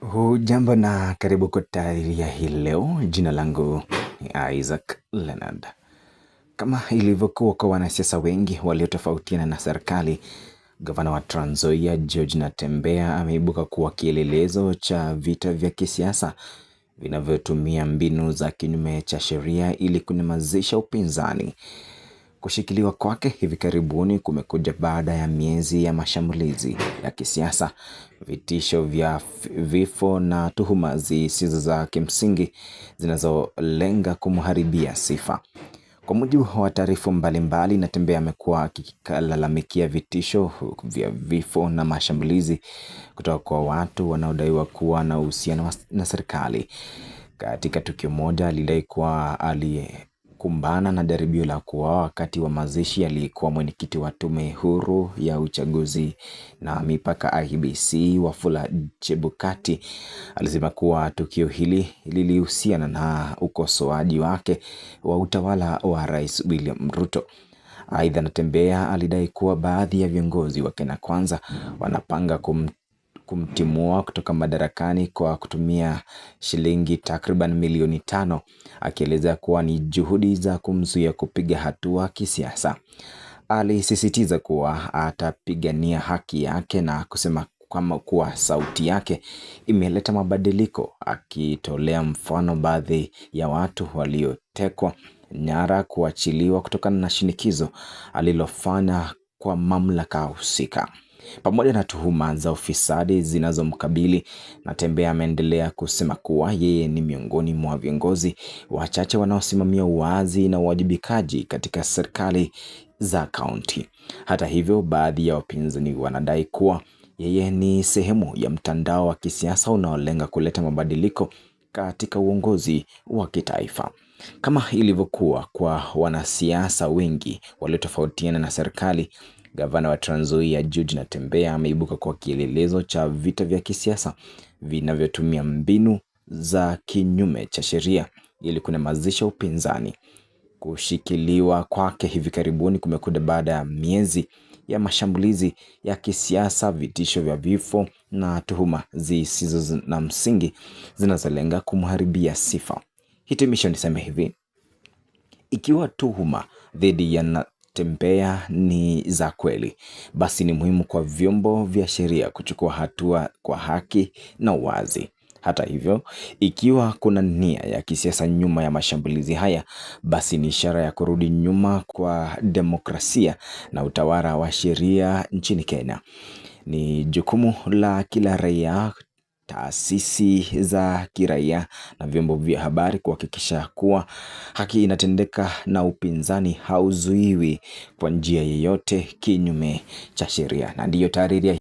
Hujambo na karibu kwa taarifa hii leo. Jina langu ni Isaac Leonard. Kama ilivyokuwa kwa wanasiasa wengi waliotofautiana na serikali, gavana wa Trans Nzoia George Natembeya ameibuka kuwa kielelezo cha vita vya kisiasa vinavyotumia mbinu za kinyume cha sheria ili kunyamazisha upinzani. Kushikiliwa kwake hivi karibuni kumekuja baada ya miezi ya mashambulizi ya kisiasa, vitisho vya vifo na tuhuma zisizo za kimsingi zinazolenga kumharibia sifa. Kwa mujibu wa taarifa mbalimbali, Natembeya amekuwa akilalamikia vitisho vya vifo na mashambulizi kutoka kwa watu wanaodaiwa kuwa na uhusiano na serikali. Katika tukio moja alidai kuwa aliye kukumbana na jaribio la kuuawa wakati wa mazishi aliyekuwa mwenyekiti wa tume huru ya uchaguzi na mipaka IEBC Wafula Chebukati alisema kuwa tukio hili lilihusiana na ukosoaji wake wa utawala wa Rais William Ruto. Aidha, Natembeya alidai kuwa baadhi ya viongozi wa Kenya Kwanza wanapanga kum kumtimua kutoka madarakani kwa kutumia shilingi takriban milioni tano akieleza kuwa ni juhudi za kumzuia kupiga hatua kisiasa. Alisisitiza kuwa atapigania haki yake na kusema kama kuwa sauti yake imeleta mabadiliko, akitolea mfano baadhi ya watu waliotekwa nyara kuachiliwa kutokana na shinikizo alilofanya kwa mamlaka husika pamoja na tuhuma za ufisadi zinazomkabili. Natembeya ameendelea kusema kuwa yeye ni miongoni mwa viongozi wachache wanaosimamia uwazi na uwajibikaji katika serikali za kaunti. Hata hivyo, baadhi ya wapinzani wanadai kuwa yeye ni sehemu ya mtandao wa kisiasa unaolenga kuleta mabadiliko katika uongozi wa kitaifa. Kama ilivyokuwa kwa wanasiasa wengi waliotofautiana na serikali, Gavana wa Trans Nzoia George Natembeya ameibuka kwa kielelezo cha vita vya kisiasa vinavyotumia mbinu za kinyume cha sheria ili kunyamazisha upinzani. Kushikiliwa kwake hivi karibuni kumekuja baada ya miezi ya mashambulizi ya kisiasa, vitisho vya vifo na tuhuma zisizo na msingi zinazolenga kumharibia sifa. Hitimisho niseme hivi, ikiwa tuhuma dhidi ya kutembea ni za kweli, basi ni muhimu kwa vyombo vya sheria kuchukua hatua kwa haki na uwazi. Hata hivyo, ikiwa kuna nia ya kisiasa nyuma ya mashambulizi haya, basi ni ishara ya kurudi nyuma kwa demokrasia na utawala wa sheria nchini Kenya. Ni jukumu la kila raia taasisi za kiraia na vyombo vya habari kuhakikisha kuwa haki inatendeka na upinzani hauzuiwi kwa njia yeyote kinyume cha sheria. Na ndiyo taariria